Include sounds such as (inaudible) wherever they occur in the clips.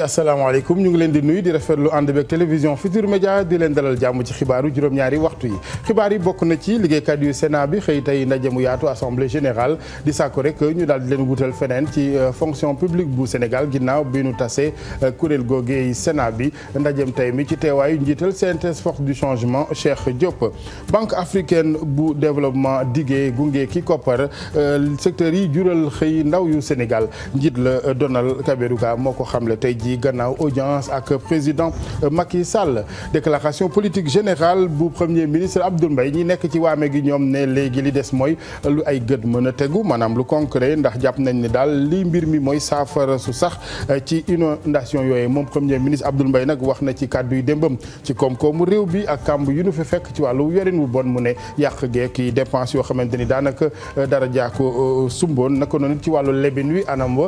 yi asalaamaaleykum ñu ngi leen di nuy di rafetlu ànd beeg télévision Futur Média di leen dalal jàmm ci xibaaru juróom-ñaari waxtu yi xibaar yi bokk na ci liggéey liggéeykat yu Sénat bi xëy tey ndaje mu yaatu assemblée générale di sàkku rek ñu daal di leen wutal feneen ci euh, fonction publique bu Sénégal ginnaaw bi nu tasee euh, kuréel googee senaa bi ndajem tey mi ci teewaayu njiital CNTS force du changement Cheikh Diop. Banque africaine bu développement diggee gunge ki koppar euh, secteur yi jural xëy ndaw yu Sénégal njiit la Donald Kaberuka moo ko tey ji di gannaaw audience ak président euh, Macky Sall déclaration politique générale bu premier ministre Abdoul mbay ñi nekk ci waame gi ñoom ne léegi li des mooy lu ay gët mën a tegu maanaam lu concret ndax jàpp nañ ne daal li mbir mi mooy saafara su sax euh, ci inondation yooyu moom premier ministre Abdoul mbay nag wax na ci kàddu yu démbam ci koom-koomu réew bi ak kàmb yi nu fi fekk ci wàllu yorin wu bon mu ne yàq geek yi dépense yoo xamante ni daanaka euh, dara jaako sumboon naka ci wàllu lebin wi anam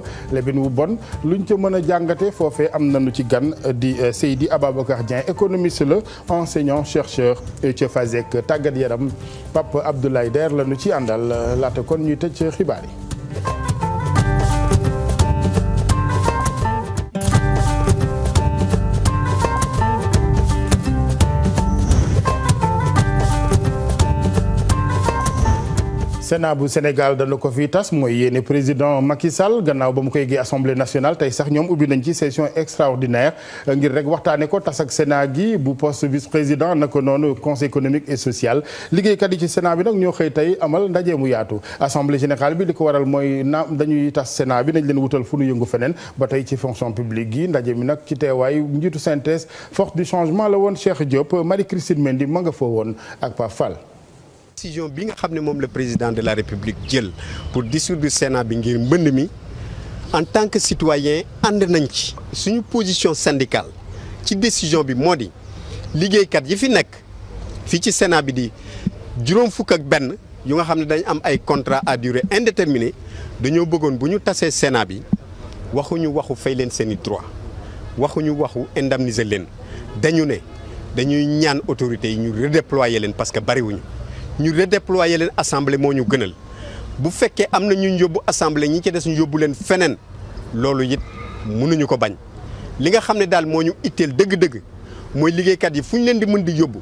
foofee am nañu ci gan di euh, Seydi Ababacar Dieng économiste la enseignant chercheur ca FASEC tàggat yaram Pape Abdoulaye Der la ñu ci àndal euh, laata kon ñuy tëj xibaar yi. Sénat bu Sénégal dana ko fi tas mooy yéene président Macky Sall gannaaw ba mu koy gi assemblée nationale tey sax ñoom ubbi nañ ci session extraordinaire euh, ngir rek waxtaane ko tas ak sena gi bu poste vice président naka noonu conseil économique et social liggéeykat yi ci Sénat bi nag ñoo xëy tey amal ndaje mu yaatu assemblée générale bi li ko waral mooy naam dañuy tas Sénat bi nañ leen wutal fu nu yëngu feneen ba tey ci fonction publique yi ndaje mi nag ci teewaay njiitu synthèse force du changement la woon Cheikh Diop Marie Christine Mendy ma nga fa woon ak Pape décision bi nga xam ne moom la président de la république jël pour dissoudre Sénat bi ngir mbënd mi en tant que citoyen ànd nañ ci suñu position syndicale ci décision bi moo di liggéeykat yi fi nekk fii ci Sénat bi di juróom fukk ak benn yu nga xam ne dañu am ay contrat à durée indéterminée dañoo bëggoon bu ñu tasee Sénat bi waxuñu waxu fay leen seeni droit waxuñu waxu indemniser leen dañu ne dañuy ñaan autorités yi ñu redéployer leen parce que bariwuñu ñu redéployer leen assemblée moo ñu gënal bu fekkee am na ñu yóbbu assemblée ñi ci des ñu yóbbu leen feneen loolu it mënuñu ko bañ li nga xam ne daal moo ñu itteel dëgg-dëgg mooy liggéeykat yi fu ñu leen di mën di yóbbu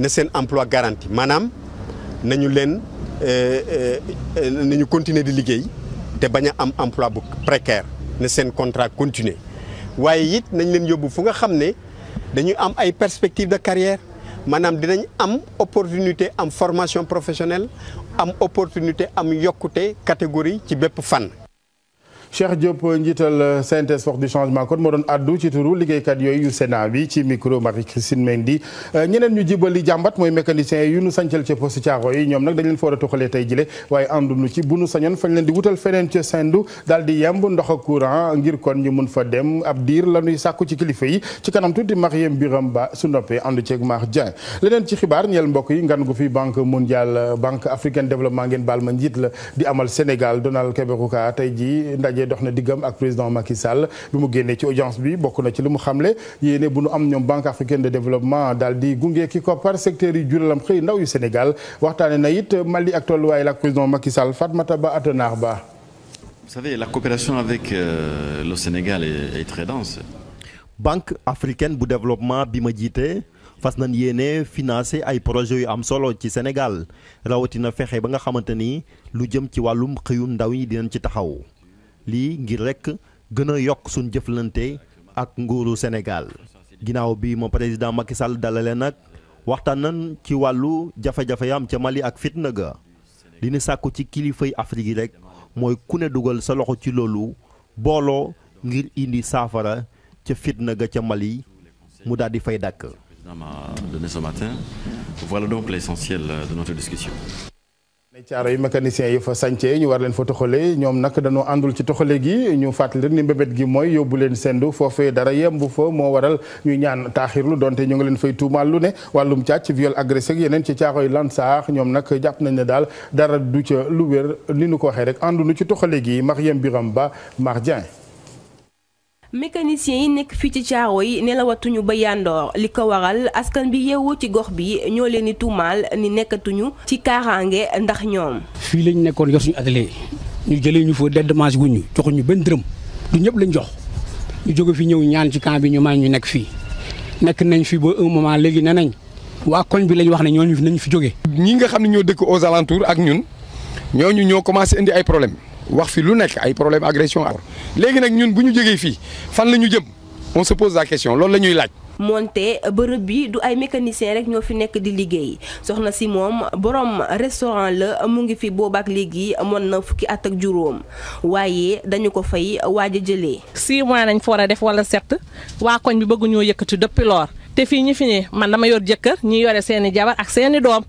na seen emploi garanti maanaam nañu leen euh, euh, nañu continuer di liggéey te bañ a am emploi bu precaire na seen contrat continuer waaye it nañ leen yóbbu fu nga xam ne dañuy am ay perspectives de carrière maanaam dinañ am opportunité am formation professionnelle am opportunité am yokkute catégorie ci bépp fànn Cheikh Diop njiital CNTS force du changement kon moo doon addu ci turu liggéeykat yooyu yu bi ci micro Marie Christine Mendy euh, ñeneen ñu jibali jàmbat mooy mécanicien yu nu sancal ca poste Thiaroye yi ñoom nag dañ leen fa a tuxalee tey jile waaye àndunu ci bu nu sañoon fañ leen di wutal feneen ca Sendou daal di yemb ndox ak courant ngir kon ñu mun fa dem ab diir la ñuy sàkku ci kilifa yi ci kanam di tuuti Mariem Biram Ba su noppee àndu ceeg Mar Dieng leneen ci xibaar ñeel mbokk yi ngan gu fi banque mondiale banque africaine développement ngeen baal ma njiit la di amal Sénégal Donald Keberuka ndaje dox na diggam ak président Macky Sall bi mu génnee ci audience bi bokk na ci li mu xamle yéene bu nu am ñoom Banque africaine de développement daal di gunge ki koppar secteur yi juralam xëy ndaw yu Sénégal waxtaane na it Mali ak tolluwaay la président Macky Sall Fatmata Ba at Atenar Ba. Vous savez, la coopération avec euh, le Sénégal est, très dense. Banque africaine bu développement bi ma jiite fas nañ yéene financer ay projets yu am solo ci Sénégal rawatina fexe ba nga xamante ni lu jëm ci wàllum xëyum ndaw yi dinañ ci taxaw. lii ngir rek gën a yokk suñ jëflante ak nguuru Sénégal ginnaaw bii moom président Macky Sall dalale nag waxtaan nan ci wàllu jafe-jafe yam ca Mali ak fitna ga li ñu sàkku ci kilifay Afrique yi rek mooy ku ne dugal sa loxo ci loolu booloo ngir indi saafara ca fitna ga ca Mali mu daal di fay dàkk. Donné donc l'essentiel de notre nay caaro yi mécanicien yi fa sancee ñu war leen fa toxale ñoom nag dañoo àndul ci toxale gi ñu fàttali rek ni mbébét gi mooy yóbbu leen sendu foofee dara yembu fa moo waral ñu ñaan taaxirlu donte ñu ngi leen fay tuumaal lu ne wàllum càcc viol agressé ak yeneen ci caaro yi lan saax ñoom nag jàpp nañ ne daal dara du ca lu wér ni nu ko waxee rek ànduñu ci toxale gi Mariam Biram Ba maax Mardien mécaniciens yi nekk fii ci caaro yi nelawatuñu ba yandoor li ko waral askan bi yeewu ci gox bi ñoo leen di tuumaal ni nekkatuñu ci kaaraange ndax ñoom. fii lañ nekkoon yor suñu ñu jëlee ñu fa dédommage wu ñu joxuñu benn dërëm du ñëpp lañ jox ñu jóge fi ñëw ñaan ci camp bi ñu may ñu nekk fii nekk nañ fi ba un moment léegi nee nañ waa koñ bi lañ wax ne ñooñu nañ fi jóge. ñi nga xam ne ñoo dëkk aux alentours ak ñun ñooñu ñoo commencé indi ay problème wax fi lu nekk ay problème agression ak léegi nag ñun bu ñu jógee fii fan la ñu jëm on se pose la question loolu la ñuy laaj. moonte bërëb bi du ay mécanicien rek ñoo fi nekk di liggéey soxna si moom borom restaurant la mu ngi fi boobaak léegi mën na fukki at ak juróom waaye dañu ko fay waaj a jëlee. 6 mois nañ fa a def wala sept waa koñ bi bëgguñoo yëkkati depuis lors te fii ñi fi ne man dama yor jëkkër ñi yore seeni jabar ak seeni doom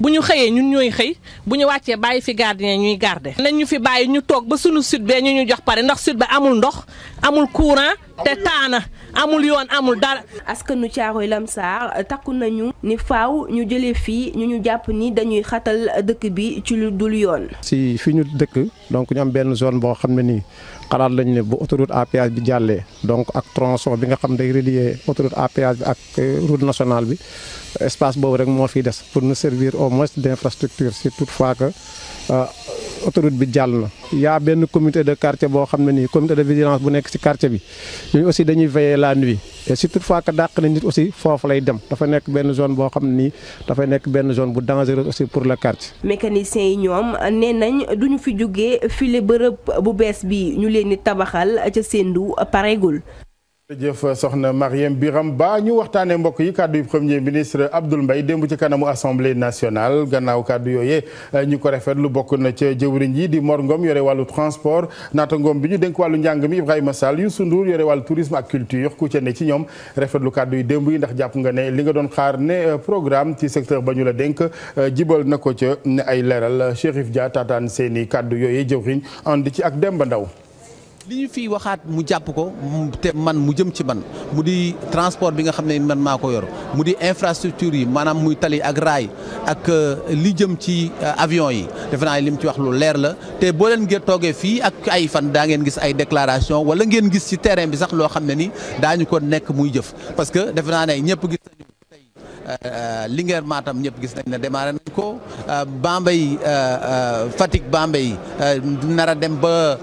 bu ñu xëyee ñun ñooy xëy bu ñu wàccee bàyyi fi gardien ñuy garder. nañ ñu fi bàyyi ñu toog ba sunu sud bee ñu ñu jox pare ndax sud ba amul ndox amul courant te taana amul yoon amul dara. askanu Caaroy Lamsaar takku nañu ni faw ñu jëlee fii ñu ñu jàpp ni dañuy xatal dëkk bi ci lu dul yoon. si fi ñu dëkk donc ñu benn zone boo xam ne nii xalaat lañ ne bu autoroute à péage bi jàllee donc ak tronçon bi nga xam day relier autoroute à péage bi ak euh, route nationale bi espace boobu rek moo fiy des pour nous servir au moins d' infrastructure si toutefois que euh, autoroute bi jàll na y'a benn comité de quartier boo xam ne nii comité de vigilance bu nekk ci quartier bi ñooñu aussi dañuy veiller la nuit et si toutefois que dàq na nit aussi foofu lay dem dafa nekk benn zone boo xam ne nii dafay nekk benn zone bu dangereuse aussi pour le quartier. mécaniciens yi ñoom nee nañ duñu fi jógee file bërëb bu bees bi ñu leen di tabaxal ca Sendou pareegul. jërëjëf soxna Marième Biram baa ñu waxtaanee mbokk yi kaddu yi premier ministre Abdoul mbay démb ci kanamu assemblée nationale gannaaw kàddu yooyee ñu ko rafetlu bokk na ca jëwriñ yi di Mor Ngom yore wàllu transport naata ngoom bi ñu denk wàllu njàng mi Ibrahima Sall Youssou Ndour yore wàllu tourisme ak culture ku ca ne ci ñoom rafetlu kaddu yi démb yi ndax jàpp nga ne li nga doon xaar ne euh, programme ci secteur ba ñu la denk euh, jibal na ko ca ne ay leeral Chérif Dia seeni kàddu yooyee jëwriñ ànd ci ak Demba Ndaw li ñu fiy waxaat mu jàpp ko te man mu jëm ci man mu di transport bi nga xam ne man maa ko yor mu di infrastructure yi maanaam muy tali ak raay ak euh, li jëm ci euh, avion yi defe naa li mu ci wax lu leer la te boo leen ngeen toogee fii ak ay fan daa ngeen gis ay déclaration wala ngeen gis ci terrain bi sax loo xam ne ni daañu ko nekk muy jëf parce que defe naa ne ñëpp gis Euh, Linguère Matam ñëpp gis nañ ne démarré nañ ko euh, Bambey euh, Fatick Bambey nara dem ba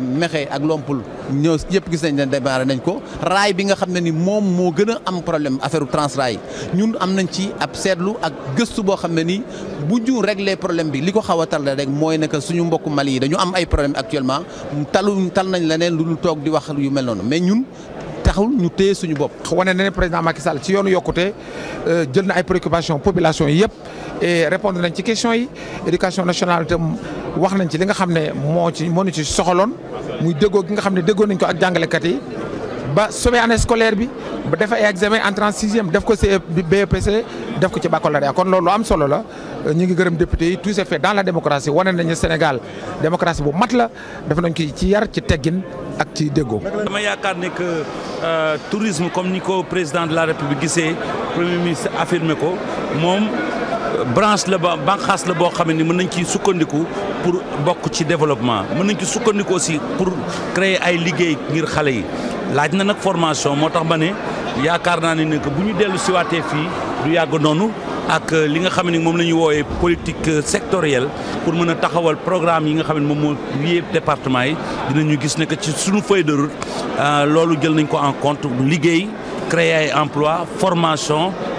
Mexe ak Lompul ñoo ñëpp gis nañ ne démarré nañ ko raay bi nga xam ne ni moom moo gën a am problème affaire Transrail ñun am nañ ci ab seetlu ak gëstu boo xam ne ni bu ñu réglé problème bi li ko xaw a tardé rek mooy ne que suñu mbokku Mali yi dañu am ay problème actuellement talu tal nañ leneen lu dul toog di wax yu mel noonu mais ñun taxul ñu téye suñu bopp. wane na ne président Macky Sall ci yoonu yokkute euh, jël na ay préoccupations population yëpp et répondre nañ ci question yi éducation nationale itam wax nañ ci li nga xam ne moo ci moo ñu ci soxaloon muy déggoo gi nga xam ne déggoo nañ ko ak jàngalekat yi. ba sauver année scolaire bi ba def ay examen entrant sixième def ko ci e, BEPC def ko ci baccalauréat kon loolu lu am solo la ñu ngi gërëm député yi tout s'est fait dans la démocratie wane nañu Sénégal démocratie bu mat la def nañ ko ci yar ci teggin ak ci déggoo. dama yaakaar ne que euh, tourisme comme ni ko président de la république gisee premier ministre affirmé ko moom. branche la ba banqaas la boo xam ne mën nañ ci sukkandiku pour bokk ci développement mën nañ ci sukkandiku aussi pour créer ay liggéey ngir xale yi laaj na nag formation moo tax ma ne yaakaar naa ne que bu ñu dellu siwaatee fii du yàgg noonu ak euh, li nga xam ne moom la ñuy woowee politique euh, sectorielle pour mën a taxawal programme yi nga xam ne moom moo yépp département yi ñu gis ne que ci sunu feuille de euh, loolu jël nañ ko en compte liggéey créer ay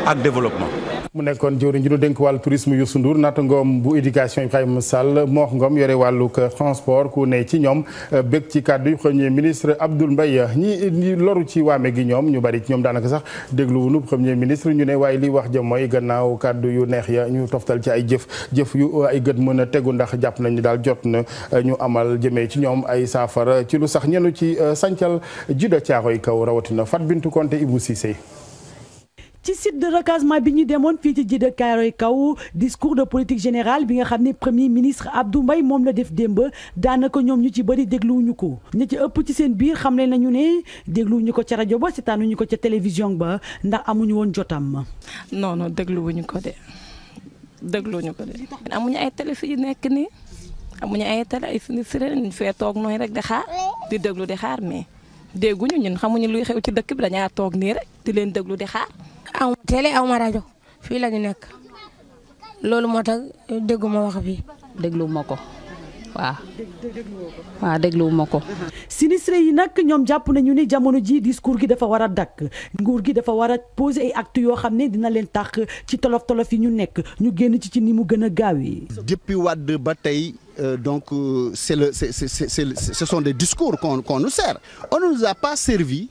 ak développement. mu nekkoon jëwriñ ji ñu dénk wàllu tourisme Youssou Ndour ngoom bu éducation Ibrahima Sall moox ngoom yore wàllu transport ku ne ci ñoom euh, bëgg ci kàddu yu premier ministre Abdoul Mbaye ñi loru ci waame gi ñoom ñu bari ci ñoom daanaka sax dégluwu dégluwunu premier ministre ñu ne waaye li wax jëm mooy gannaaw kàddu yu neex ya ñu toftal ci ay jëf jëf yu ay gët mën a tegu ndax jàpp nañ ni daal jot na euh, ñu amal jëmee ci ñoom ay saafara ci lu sax ñenu ci euh, sancal judo caaxoy kaw rawatina Fat Bintou Konté Ibou Cissé ci site de recasement bi ñu demoon fii ci jidda Kaaroy kaw discours de politique général bi nga xam ne premier ministre Abdou mbay moom la def démb daanaka ñoom ñu ci bëri dégluwuñu ko ñi ci ëpp ci seen biir xamle nañu ne dégluwuñu ko ca rajo ba seetaanuñu ko ca télévision ba ndax amuñu woon jotam. non non dégluwuñu ko de dégluwuñu ko de. amuñu ay télé fi nekk nii amuñu ay télé ay sinistre ñu fee toog nooy rek di xaar di déglu di xaar mais dégguñu ñun xamuñu luy xew ci dëkk dañaa toog nii di leen déglu di xaar. aw ma télé aw ma fii la nekk loolu moo tax dégguma wax bi dégluwuma ko waaw waaw dégluwuma ko sinistre yi nag ñoom jàpp nañu ni jamono ji discours gi dafa war a dakk nguur gi dafa war a poser ay actes yoo xam ne dina leen tax ci tolof tolof yi ñu nekk ñu génn ci ci ni mu gën a gaawee depuis Wade ba tey euh, donc euh, c'est le c'est c'est ce sont des discours qu'on qu'on nous sert on ne a pas servi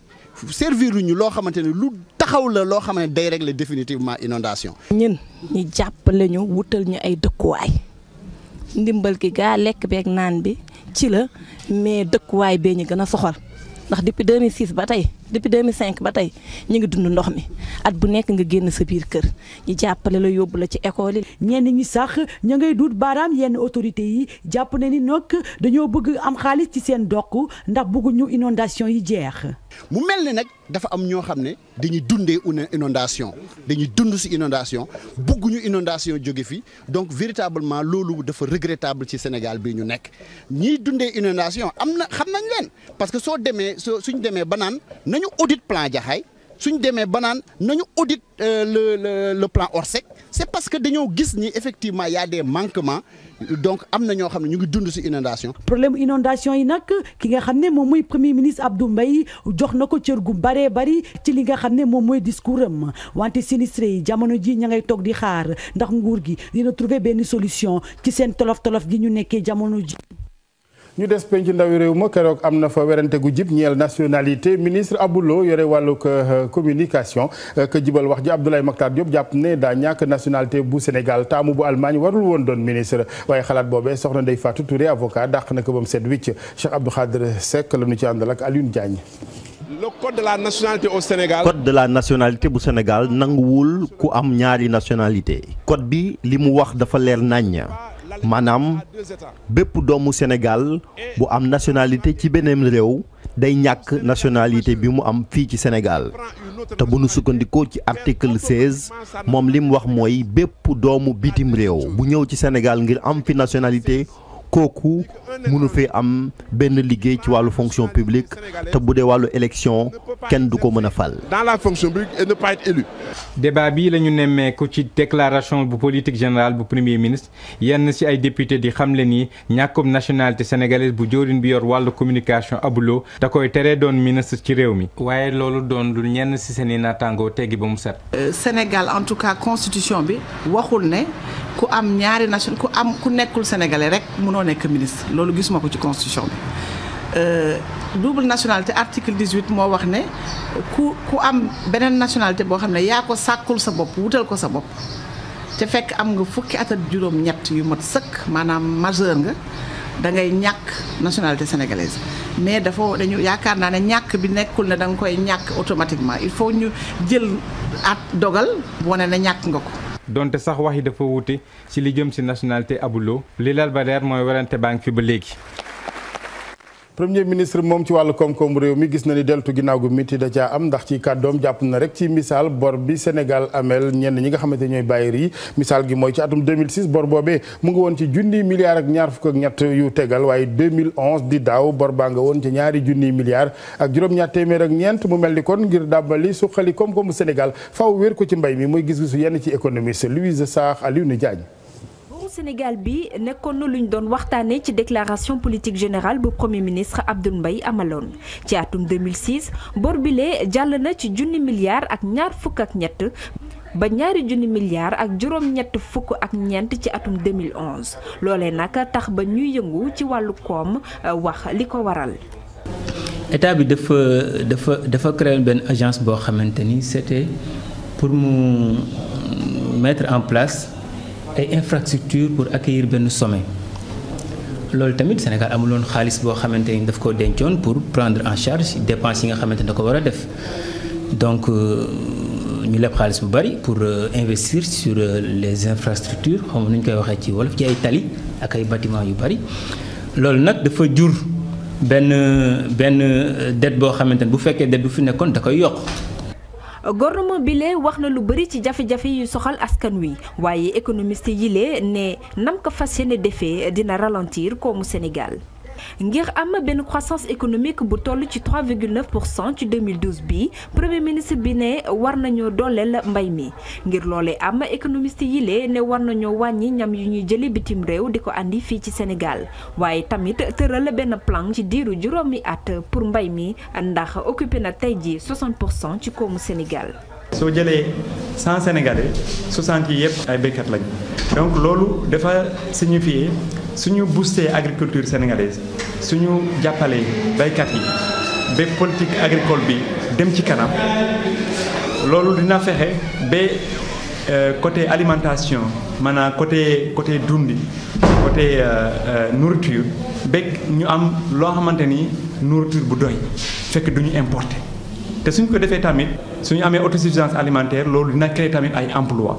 servir ñu loo xamante ni lu taxaw la loo xam ne day régler définitivement inondation ñun ñu jàppale ñu wutal ñu ay dëkkuwaay ndimbal gi gaa lekk beeg naan bi ci la mais dëkkuwaay bee ñu gën a soxal ndax depuis 2006 ba tey depuis 2005 ba tey ñu ngi dund ndox mi at bu nekk nga génn sa biir kër ñi jàppale la yóbbu la ci école yi. ñenn ñi sax ñu ngay duut baaraam yenn autorité yi jàpp na ni nag dañoo bëgg am xaalis ci seen dokk ndax bëgguñu inondation yi jeex. mu mel ni nag. dafa am ñoo xam ne dañuy dundee une inondation dañuy dund si inondation bugguñu inondation jóge fi donc véritablement loolu dafa regrettable ci Sénégal bi ñu nekk ñiy dundee inondation am na xam nañ leen parce que soo demee suñ demee ba naan nañu audit plan Jaxaay suñ demee ba naan nañu audit euh, le le le plan Orsec c'est parce que dañoo gis ni effectivement y a des manquements donc am na ñoo xam ne ñu ngi dund ci inondation problème inondation yi nag ki nga xam ne moom mooy premier ministre du mbay jox na ko cër gu baree bari ci li nga xam ne moom mooy discours am wante sinistre yi jamono ji ña ngay toog di xaar ndax nguur gi dina trouver benn solution ci seen tolof tolof gi ñu nekkee jamono ji ñu des penc ndawi réew ma keroog am na fa werante gu jib ñeel nationalité ministre Aboulo yore wàllu wàllug communication ke jibal wax ji Abdoulaye Makhtar Diop jàpp ne daa ñàkk nationalité bu Sénégal taamu bu Allemagne warul woon doon ministre waaye xalaat boobee soxna Ndeye Fatou Touré avocat dàq na ko ba mu set wicc Cheikh Abdou Khadre Seck la ci àndal ak Alioune Diagne. le code de la nationalité au Sénégal. de la nationalité bu Sénégal nanguwul ku am ñaari nationalité. code bi li mu wax dafa leer naññ. maanaam bépp doomu Sénégal bu am nationalité ci beneen réew day ñàkk nationalité bi mu am fii ci Sénégal te bu nu sukkandikoo ci article 16 moom li wax mooy bépp doomu bitim réew bu ñëw ci Sénégal ngir am fi nationalité kooku mënu fi am benn liggéey ci wàllu fonction publique te bu dee wàllu élection kenn du ko mën a fal. dans la fonction publique et ne la ñu nemmeeku ci déclaration bu politique générale bu premier ministre yenn ci ay député di xamle ni ñàkkum nationalité sénégalaise bu jëwriñ bi yor wàllu communication abuloo da koy teree doon ministre ci réew mi. waaye loolu doon lu ñenn ci seen i naataangoo teggi ba mu set. Euh, Sénégal en tout cas constitution bi waxul ne. ku am ñaari nation ku am ku nekkul sénégalais rek munoo nekk ministre loolu gisuma ko ci constitution bi euh, double nationalité article 18 moo wax ne ku ku am beneen nationalité boo xam ne yaa ko sàkkul sa bopp wutal ko sa bopp te fekk am nga fukki at ak juróom ñett yu mat sëkk maanaam majeur nga da ngay ñàkk nationalité sénégalaise mais dafa dañu yaakaar naa ne ñàkk bi nekkul ne da nga koy ñàkk automatiquement il faut ñu jël at dogal woone ne ñàkk nga ko donte sax wax yi dafa wuute ci li jëm si nationalité abuloo li lal ba leer mooy werante baa ngi fi ba léegi premier ministre moom ci wàllu koom-koom réew mi gis na ni deltu ginnaaw gu miti da caa am ndax ci kàddoom jàpp na rek ci misaal bor bi Sénégal ameel ñenn ñi nga xamante ñooy bàyyir yi misaal gi mooy ci atum 2006 bor boobee mu ngi woon ci junniy milliards ak ñaar fukk ak ñett yu tegal waaye di daaw bor baa nga woon ci ñaari junniy milliards ak juróom-ñaar téeméer ak ñeent mu mel ni kon ngir dàbbali suqali koom-koomu Sénégal faw wéer ko ci mbay mi mooy gis-gisu yenn ci économiste Louise Sarr Alioune Diagne Sénégal bi nekkoon na lu ñu doon waxtaanee ci déclaration politique générale bu premier ministre Abdoul mbay amaloon ci atum 2006 bor bile jàll na ci junni milliards ak ñaar ñaari junni milliards ak juróom fukk ak ñeent ci atum 2011 loolee nag tax ba ñuy yëngu ci wàllu koom euh, wax li ko waral. état bi dafa dafa dafa créé benn agence boo xamante ni c'était pour mu mettre en place. ay infrastructure pour accueillir benn sommet loolu tamit Sénégal amuloon xaalis boo xamante ni daf koo dencoon pour prendre en charge dépenses yi nga xamante ni da ko war a def donc euh, ñu leb xaalis bu bari pour euh, investir sur euh, les infrastructures xam nu ñu koy waxee ci wolof ci ay tali ak ay bâtiment yu bari loolu nag dafa jur benn benn dette boo xamante ni bu fekkee dette bu fi nekkoon da koy yokk gouvernement bi lee wax na lu bëri ci jafe-jafe yu soxal askan wi waaye économiste yi lee ne nam ko fas yéene defee dina ralentir koomu Sénégal. ngir am benn croissance économique bu toll ci 3,9 pour cent ci 2012 bi premier ministre bi ne war nañoo dooleel mbay mi ngir loole am économiste yi lee ne war nañoo wàññi ñam yu ñuy jëlee bitim réew di ko indi fii ci Sénégal waaye tamit tëral benn plan ci diiru juróomi at pour mbay mi ndax occupé na tey ji 60 pour cent ci koomu Sénégal. soo jëlee cent sénégalais soixante yi yëpp ay béykat lañ donc loolu dafa signifier suñu booster agriculture sénégalaise suñu jàppale baykat yi ba politique agricole bi dem ci kanam loolu dina fexe ba euh, côté alimentation maanaam côté côté dundi côté euh, euh, nourriture bég ñu am loo xamante ni nourriture bu doy fekk du ñu importer te suñ ko defee tamit su ñu amee autosuffisance alimentaire loolu dina créer tamit ay emploi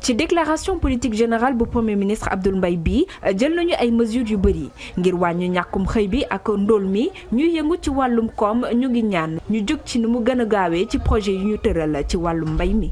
ci déclaration politique générale bu premier ministre Abdoul mbay bii jël nañu ay mesures yu bëri ngir wàññi ñàkkum xëy bi ak ndool mi ñuy yëngu ci wàllum koom ñu ngi ñaan ñu jóg ci ni mu gën a gaawee ci projet yu ñu tëral ci wàllum mbay mi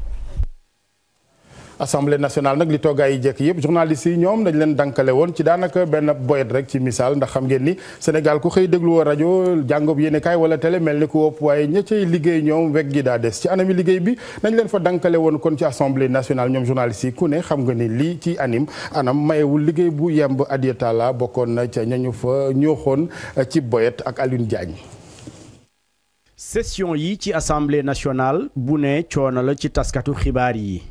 assemblée nationale nag li toogaay yi jekk yëpp journalistes yi ñoom dañ leen dankale woon ci daanaka benn boyet rek ci misaal ndax xam ngeen ni Sénégal ku xëy dégluwoo rajo jàngob kaay wala télé mel ni ku waaye ña cay liggéey ñoom weg gi daa des ci anami liggéey bi nañ leen fa dankale woon kon ci assemblée nationale ñoom journalistes yi ku ne xam nga ni lii ci anim anam mayewul liggéey bu yemb Adiatala bokkoon na ca ñañu fa ñooxoon ci boyet ak Alioune Diagne session ci assemblée nationale bu ne coono la ci taskatu xibaar yi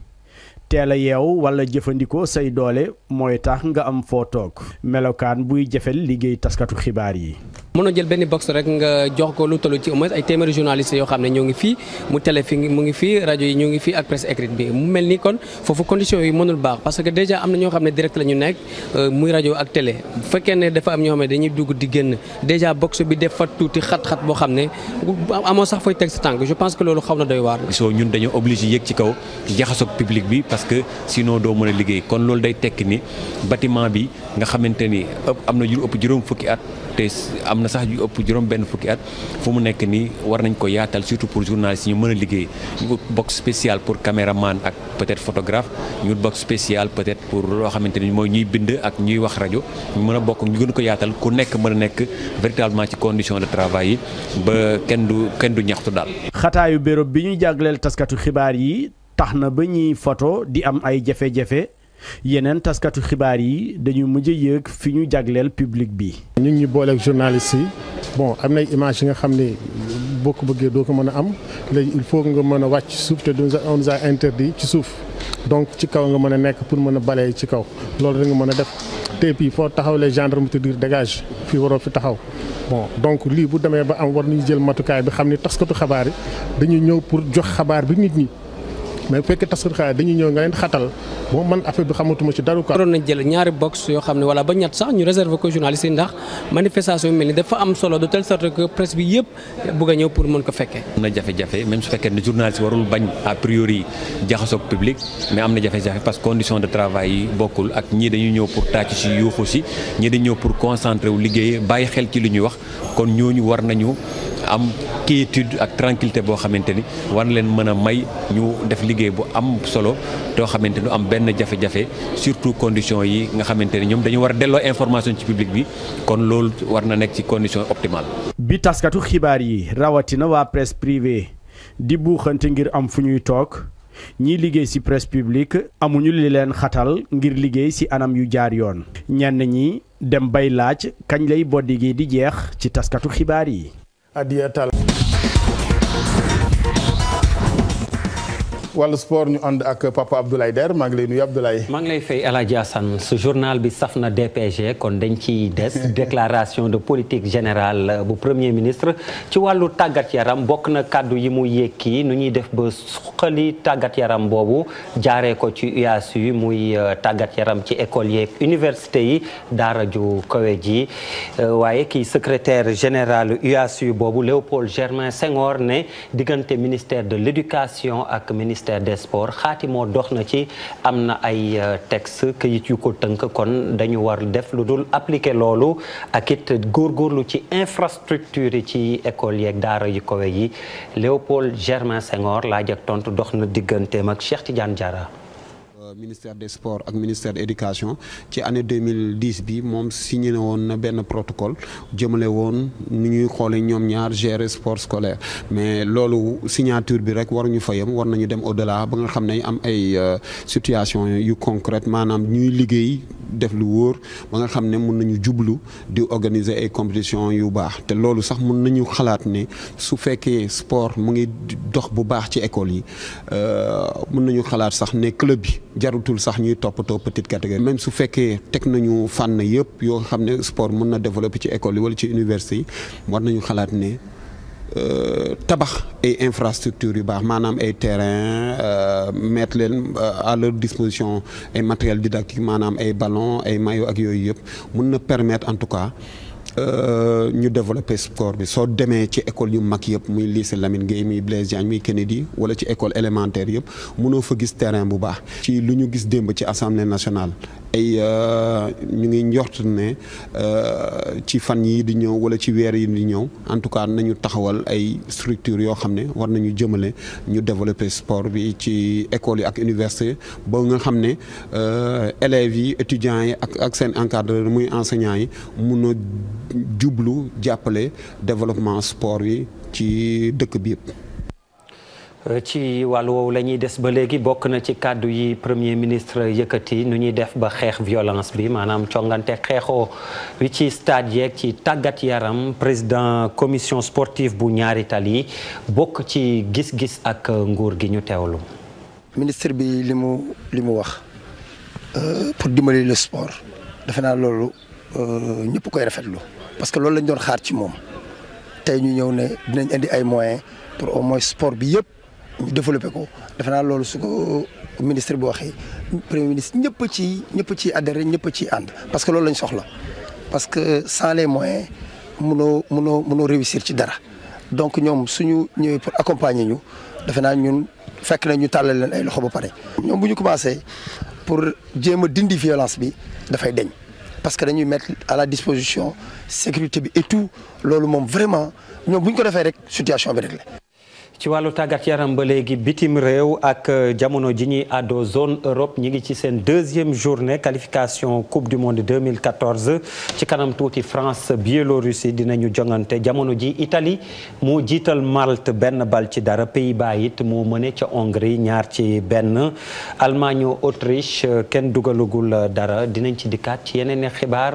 teel a yeew wala jëfandikoo say doole mooy tax nga am foo toog melokaan buy jëfel liggéey taskatu xibaar yi mënoo jël benn box rek nga jox ko lu toll ci au ay téeméeri journalistes yoo xam ne ñoo ngi fi mu télé fi mu ngi fii rajo yi ñoo ngi fi ak presse écrite bi mu mel ni kon foofu condition yi mënul baax parce que déjà am na ñoo xam ne direct la ñu nekk euh, muy rajo ak télé bu fekkee ne dafa am ñoo xam ne dañuy dugg di génn déjà box bi def fa tuuti xat-xat boo xam ne amoo sax fooy teg sa tànk je pense que loolu xaw na doy waar. soo ñun dañoo obligé yéeg ci kaw jaxasoog public bi parce que sinon doo mën a liggéey kon loolu day tekki ni bâtiment bi nga xamante ni am na yu ëpp juróom fukki at. te am na sax yu ëpp juróom benn fukki at fu mu nekk nii war nañ ko yaatal surtout pour journalistes ñu mën a liggéey ñu box spécial pour caméraman ak peut-être photographe ñu box spécial peut-être pour loo xamante ni mooy ñuy bind ak ñuy wax rajo ñu mën a bokk ñu gën ko yaatal ku nekk mën a nekk véritablement ci condition de travail yi ba kenn du kenn du ñaxtu daal. xataayu béréb bi ñuy jàgleel taskatu xibaar yi tax na ba ñuy foto di am ay jafe-jafe. yeneen taskatu xibaar yi dañuy mujj yëg fi ñu jagleel public bi. ñu ñuy ñu booleeg yi bon am nay image yi nga xam ne boo ko bëggee doo ko mën a am léegi il faut nga mën a wàcc suuf te on nous a interdit ci suuf donc ci kaw nga mën a nekk pour mën a bale ci kaw loolu da nga mën a def te puis foo taxawlee gendarme te dire dégage fii waroo fi taxaw. bon donc lii bu demee ba am war nañu jël matukaay bi xam ne taskatu xabaar yi dañu ñëw pour jox xabaar bi nit ñi. mais bu fekkee tasar xaar dañuy ñëw nga leen xatal bon man affaire bi xamatuma ci dara quoi. waroon nañ jël ñaari box yoo xam ne wala ba ñett sax ñu réserver ko journaliste yi ndax manifestation yi mel ni dafa am solo de telle sorte que presse bi yëpp bëgg ñëw pour mën ko fekkee. am na jafe-jafe même su fekkee ne journaliste warul bañ a priori jaxasoog public mais am na jafe-jafe parce que condition de travail yi bokkul ak ñii dañuy ñëw pour tàcc si yuuxu si ñëw pour concentré wu liggéey bàyyi xel ci li ñuy wax kon ñooñu war nañu am quiétude ak tranquillité boo xamante ni war leen mën a may ñu def liggéey bu am solo doo xamante ni am benn jafe-jafe surtout conditions yi nga xamante ni ñoom dañu war a delloo information ci public bi kon loolu war na nekk ci condition optimale. bi taskatu xibaar yi rawatina waa presse privée di buuxante ngir am fu ñuy toog ñiy liggéey ci presse publique amuñu li leen xatal ngir liggéey ci anam yu jaar yoon. ñenn ñi dem bay laaj kañ lay boddi gi di jeex ci taskatu xibaar yi. adiya taala wàllu sport ñu ànd ak papa Abdoulaye Der maa ngi lay nuyu Abdoulaye. su journal bi saf na DPG kon dañ ciy des (laughs) déclaration de politique générale euh, bu premier ministre ci wàllu tàggat yaram bokk na kàddu yi mu yëkki nu ñuy def ba suqali tàggat yaram boobu jaaree ko ci UASU muy euh, tàggat yaram ci école yeeg université yi daara ju kawe ji euh, waaye kii secretaire général UASU boobu Léopold Germain Senghor ne diggante ministère de l'éducation ak ministère. ministère des sports xaatimoo dox na ci am na ay euh, texte kayit yu ko tënk kon dañu war def lu dul appliquer loolu ak góor góorlu ci infrastructure yi ci école yeeg daara yu kowe yi Léopold Germain Senghor laaj ak tontu dox na digganteem ak Cheikh Tidiane jara ministère des sports ak ministère de l'éducation ci année 2010 bi moom ne woon na benn protocole jëmale woon ni ñuy xoolee ñoom ñaar gere sport scolaire mais loolu signature bi rek waruñu fa yem war nañu dem au delà ba nga xam ne am ay euh, situation yu concrète maanaam ñuy liggéey def lu wóor ba nga xam ne mun nañu jublu di organiser ay compétition yu baax te loolu sax mun nañu xalaat ne su fekkee sport mu ngi dox bu baax ci école yi euh, mun nañu xalaat sax ne club jarutul sax ñuy toppatoo petite catégorie même su fekkee teg nañu fànn yëpp yoo xam ne sport mun na développer ci école yi wala ci université yi war nañu xalaat ne euh, tabax ay infrastructures yu baax maanaam ay terrain euh, mettre leen euh, à leur disposition ay matériel didactique maanaam ay ballon ay mayo ak yooyu yëpp mun na permettre en tout cas Euh, ñu développé sport bi soo demee ci école yu mag yëpp muy lycée Lamine Gueye muy Blaise Diagne muy Kennedy wala ci école élémentaire yëpp mënoo fa gis terrain bu baax. ci lu ñu gis démb ci assemblée nationale ay euh, ñu ngi njort ne euh, ci fan yii di ñëw wala ci weer yi di ñëw en tout cas nañu taxawal ay structures yoo xam ne war nañu jëmale ñu développer sport bi ci école yi ak université ba nga xam ne euh, élèves yi étudiants yi ak ak seen encadreur muy enseignants yi mun a jublu jàppale développement sport yi ci dëkk bi ci wàll woowu la ñuy des ba léegi bokk na ci kàddu yi premier ministre yëkkati nu ñuy def ba xeex violence bi maanaam congante xeexoo wi ci stade yeeg ci tàggat yaram président commission sportive bu ñaari tali bokk ci gis-gis ak nguur gi ñu teewlu. ministre bi li mu li mu wax euh, pour dimbali le sport defe naa loolu euh, ñëpp koy rafetlu parce que loolu lañ doon xaar ci moom tey ñu ñëw ne dinañ indi ay moyens pour au moins sport bi yëpp. ñu développé ko defe naa loolu su ko ministre bi waxee premier ministre ñëpp ci ñëpp ciy adhéré ñëpp ciy ànd parce que loolu lañ soxla parce que sans les moyens mënoo mënoo mënoo réussir ci dara donc ñoom suñu ñëwee pour accompagner ñu defe naa ñun fekk na ñu tàllal leen ay loxo ba pare. ñoom bu ñu commencé pour jéem a dindi violence bi dafay deñ parce que dañuy mettre à la disposition sécurité bi et tout loolu moom vraiment ñoom bu ñu ko defee rek situation bi rek ci wàllu tàggat yaram ba léegi bitim réew ak euh, jamono ji ñuy àddoo zone Europe ñi ngi ci seen deuxième journée qualification coupe du monde 2014 ci kanam tuuti France Biélorussie dinañu jongante jamono ji Italie moo jiital Malte benn bal ci dara Pays-Bas it mu mëne ca Hongrie ñaar ci benn Allemagne Autriche euh, kenn dugalagul euh, dara dinañ ci dikkaat ci yeneen i xibaar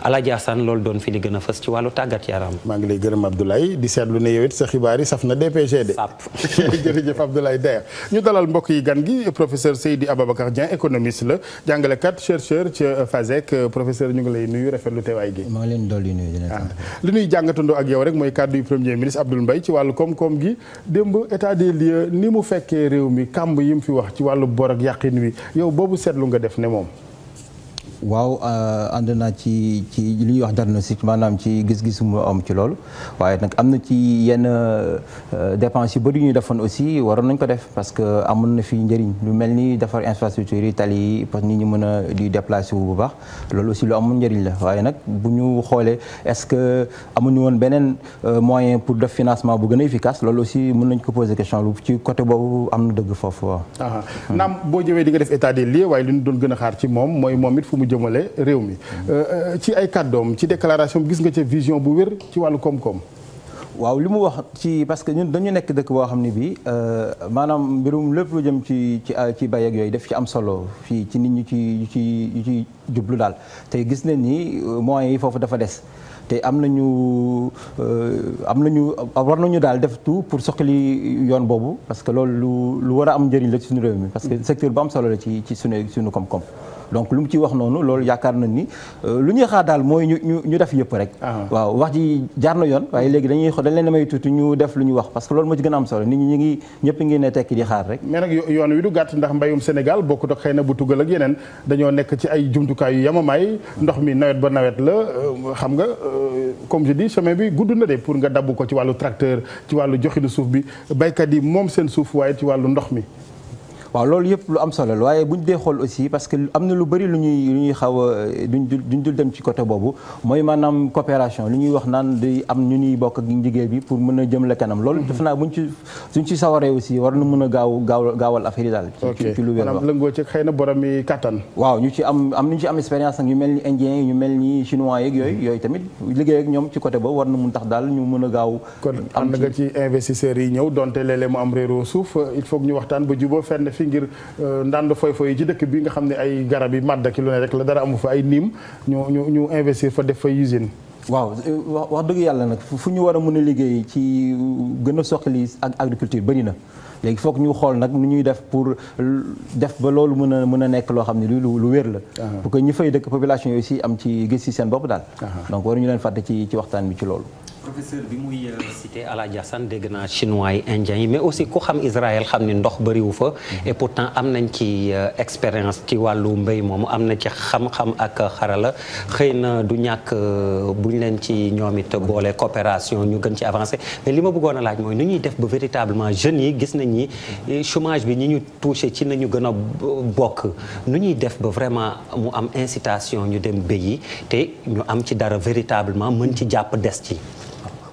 Alaaji Assane loolu doon fi li gën a fës ci wàllu tàggat yaram. maa ngi lay gërëm Abdoulaye di seetlu ne yow it sa xibaar yi saf na DPG de. sap (laughs) jërëjëf Abdoulaye Der ñu dalal mbokk yi gan gi professeur Seydi Ababacar Dieng économiste la jàngalekat chercheur ci FASEC professeur ñu ngi lay nuyu rafetlu teewaay gi. maa ngi leen dolli nuyu ah. li ñuy jàngatandoo ak yow rek mooy kàddu yu premier ministre Abdoul mbay ci wàllu koom-koom gi démb état des lieux ni mu fekkee réew mi kàmb yi mu fi wax ci wàllu bor ak yàqin wi yow boobu seetlu nga def ne moom waaw euh, ànd naa ci ci li ñuy wax si maanaam ci gis-gisu mu am ci loolu waaye nag am na ci yenn euh, dépenses yu bëri yu ñu defoon aussi waroon nañ ko def parce que amoon na fi njëriñ lu mel ni defar infrastructure yi tali yi parce que nit ñi mën a di déplacer wu bu baax loolu aussi lu amoon njëriñ la waaye nag bu ñu xoolee est-ce que amuñu woon beneen euh, moyen pour def financement bu gën a efficace loolu aussi mën nañ ko poser question ci côté boobu am na dëgg foofu ah, naam boo jëwee di def état des lieux waaye li ñu doon gën a xaar ci moom mooy moom it fu mu jëmale réew mi mm-hmm. euh, euh, ci ay doom ci déclaration gis nga ci vision bu wér ci wàllu koom-koom waaw li mu wax ci parce que ñun dañu nekk dëkk boo xam ne bii euh, maanaam mbirum lépp lu jëm ci ci ci bay ak yooyu def ci am solo fii ci nit ñi ci ñu ci ñu ci jublu daal te gis nañ ni moyens yi foofu dafa des te am nañu am nañu war nañu daal def tout pour soqali yoon boobu parce que loolu lu lu war a am njëriñ la suñu réew mi parce que secteur bu am solo la ci ci suñu suñu koom donc lu mu ci wax noonu loolu yaakaar na ni euh, lu ñuy xaar daal mooy ñu ñu ñu def yëpp rek. Ah. waaw wax ji jaar na yoon waaye léegi dañuy dañ leen a may tuuti ñu def lu ñu wax parce que loolu moo ci gën a am solo nit ñi ñu ngi ñëpp ngi ne tekki di xaar rek. mais nag yoon wi du gàtt ndax mbayum Sénégal bokk ak xëy na bu tugal ak yeneen dañoo nekk ci ay jumtukaay yu yamamaay ndox mi nawet ba nawet la euh, xam nga euh, comme je dis chemin bi gudd na de pour nga dabb ko ci wàllu tracteur ci wàllu joxinu suuf bi baykat yi moom seen suuf ci wàllu ndox mi waaw loolu yëpp lu am solo la waaye bu ñu dee xool aussi parce que am na lu bëri lu ñuy lu xaw a duñ duñ dul dem ci côté boobu mooy maanaam coopération lu ñuy wax naan di am ñu ñuy bokk bi pour mën a jëmale kanam. loolu def naa ci sawaree aussi war na mën a gaaw gaaw gaawal affaire daal. ci ci lu wér maanaam lëngoo na borom yi kattan. waaw ñu ci am am ñu ci am expérience ak ñu mel ni indien yi ñu mel ni chinois yeeg yooyu yooyu tamit liggéey ak ñoom ci côté boobu war na mun tax daal ñu mën a gaaw. am na nga ci investisseurs yi ñëw donte léeg ngir euh, ndànd foy foy ci dëkk bi nga xam ne ay garab yi màdd ki lu ne rek la dara amu fa ay niim ñu ñu ñu investir fa def fa usine. waaw euh, wax dëgg yàlla nag fu ñu war a mën a liggéey ci gën a soqali ak agriculture bëri na léegi foog ñu xool nag nu ñuy def pour def ba loolu mën a mën a nekk loo xam ne lu lu wér la. pour que ñi fay dëkk population yi aussi am ci gis si seen bopp daal. donc waruñu leen fàtte ci ci waxtaan bi ci loolu. professeur bi muy euh, cité Alaaji Assane dégg naa chinois yi indiens yi mais aussi ku xam Israël xam ni ndox bëriwu fa. Mm-hmm. et pourtant am nañ ci euh, expérience ci wàllu mbéy moomu am na ci xam-xam ak xarala xëy na du ñàkk euh, buñ leen ci ñoom it boole coopération ñu gën ci avancé mais li ma bëggoon a laaj mooy nu ñuy def ba véritablement jeunes yi gis nañ ni mm-hmm. eh, chômage bi ñu ñu touché ci nañu gën a bokk nu ñuy def ba vraiment mu am incitation ñu dem béyi te ñu am ci dara véritablement mën ci jàpp des ci.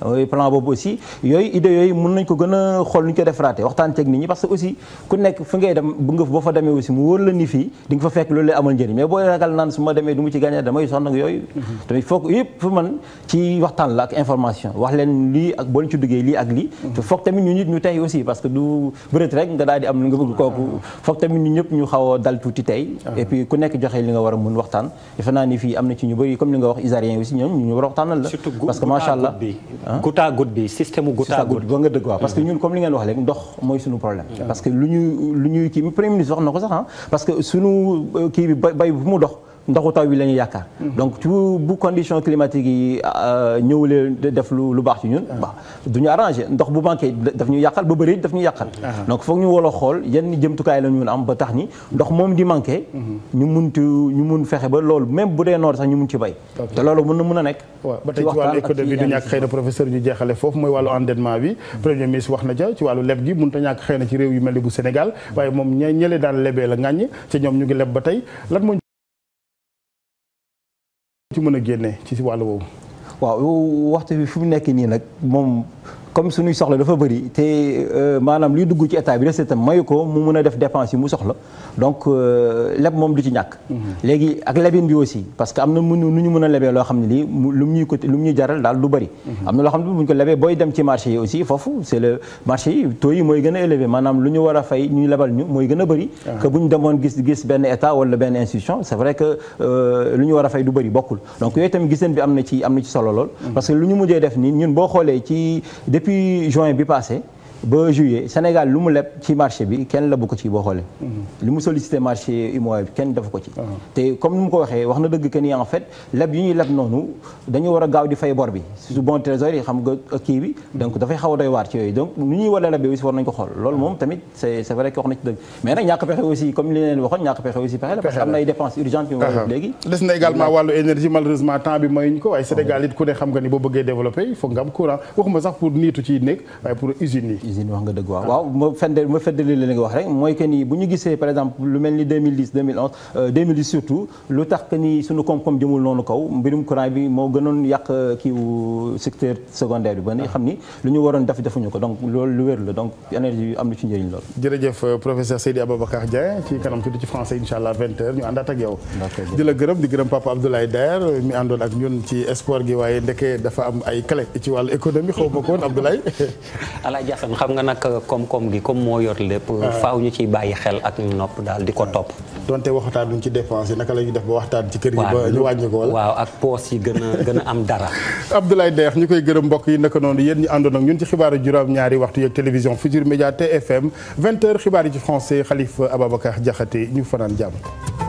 plan boobu aussi yooyu idées yooyu mën nañ ko gën a xool nu ñu ko defaraate waxtaan ceeg nit ñi parce que aussi ku nekk fu ngay dem bu nga boo fa demee aussi mu wóor la ni fii di fa fekk loolu mhm. la ak information wax leen lii ak boo leen ci duggee lii ak lii mhm. te foog tamit ñu nit ñu tey aussi parce que du bëreet rek nga daal am lu nga bëgg kooku ah. foog tamit ñu ñëpp ñu xaw a dal tuuti tey ah. et ku nekk joxe li nga war a mën waxtaan defe naa ni fii am na a goutte à goutte bi système goutte à goutte ba nga dëgg waaw parce que mm-hmm. ñun comme li ngeen wax léegi ndox mooy suñu problème mm-hmm. parce que lu ñuy lu ñuy mi premier ministre wax na ko sax parce que suñu euh, kii bi bay bu mu dox ndoxu taw bi la ñuy yaakaar. donc tout bu condition climatique yi euh, ñëwulee def lu lu baax ci ñun. waaw ah. du ñu arrangé ndox bu manqué daf ñu yàqal ba bëri daf ñu yàqal. Ah. donc foog ñu wala xool yenn jëmtukaay la ñu mun am ba tax ni ndox moom di manqué. Mm-hmm. ñu mun ñu mun fexe ba loolu même dee noor sax ñu mun ci bay. te loolu mun na mun a nekk. waaw ba tey ci wàllu économie wàllu endettement bi. Mm-hmm. premier ministre wax na ja ci wàllu leb gi mënut a ñàkk xëy na ci réew yu mel ni bu Sénégal mm-hmm. waaye moom ña ñële daan lebee la ŋàññ ci ñoom ñu ngi leb ba tey lan moo ci mën a génne ci si wàll woowu. waaw waxtu bi fi mu nekk nii nag moom comme suñuy soxla dafa bëri te euh, maanaam luy dugg ci état bi recette am mayu ko mu mën a def dépense yi mu soxla donc euh, leb moom du ci ñàkk. Mhm. léegi ak lebin bi aussi parce que am na mu nu ñu mën a lebee loo xam ne lu ñuy côté lu mhm. am na loo xam ne ñu ko booy dem ci marché yi aussi foofu c'est le marché yi taux yi mooy gën a élevé war a fay ñu lebal ñu mooy gën a bëri. Ah. que bu ñu demoon gis gis benn état wala benn institution c'est vrai que euh, lu ñu war a fay du bëri bokkul donc yooyu tamit giseen bi am na ci am na ci solo lool mhm. parce que lu ñu mujjee def nii ñun boo xoolee ci depuis juin bi passé ba juillet Sénégal lu mu leb ci marché bi kenn lebu ko ci boo xoolee. Mhm. li mu sollicité marché UMOA bi kenn def ko ci. Mhm. te comme ni mu ko waxee wax na dëgg que ni en fait leb yu ñuy leb noonu dañu war a gaaw di fay bor bi mhm. su bon trésor yi xam nga a a lebee aussi war nañu ko xool. loolu moom tamit c' est c' est vrai que wax na ci dëgg mais nag ñàkk pexe aussi comme li leen waxoon ni boo bëggee développé il faut courant waxuma sax pour niitu ci nekk waaye pour usine yi usine wax nga dëgg waaw waaw ma fende ma feddali li nga wax rek mooy que ni bu ñu gisee par exemple lu mel ni 2010 2011 euh, lu tax que ni suñu koom-koom jëmul noonu kaw mbirum courant bi moo gënoon yàq euh, kiiwu secteur secondaire bi ba nga ah. xam ni lu ñu waroon def defuñu ko donc loolu lu wér la donc énergie bi am na ci njëriñ lool jërëjëf euh, professeur Seydi Ababacar Dieng ci kanam tuuti ci français incha allah 20 heures ñu àndaat ak yow di la gërëm di gërëm papa Abdoulaye Daer mi àndoon ak ñun ci sport gi waaye ndeke dafa am ay clé ci wàllu économie xaw ma ko woon Abdoulaye (laughs) xam nga nag koom-koom gi comme moo yoot lépp. Ah. faaw ñu ci bàyyi xel ak ñu nopp daal di ko ah. topp. donte waxtaan duñ ci dépensé naka la ñuy def ba waxtaan ci kër yi. ba ñu wàññi ko wala waaw ak poos yi gën a gën am dara. (laughs) Abdoulaye Deex ñu koy gërëm mbokk yi naka noonu yéen ñi àndoon ak ñun ci xibaaru juróom-ñaari waxtu yeeg télévision Futur Média TFM 20h xibaar yi ci français Khalifa Ababacar Diakhaté ñu fanaan jàmm.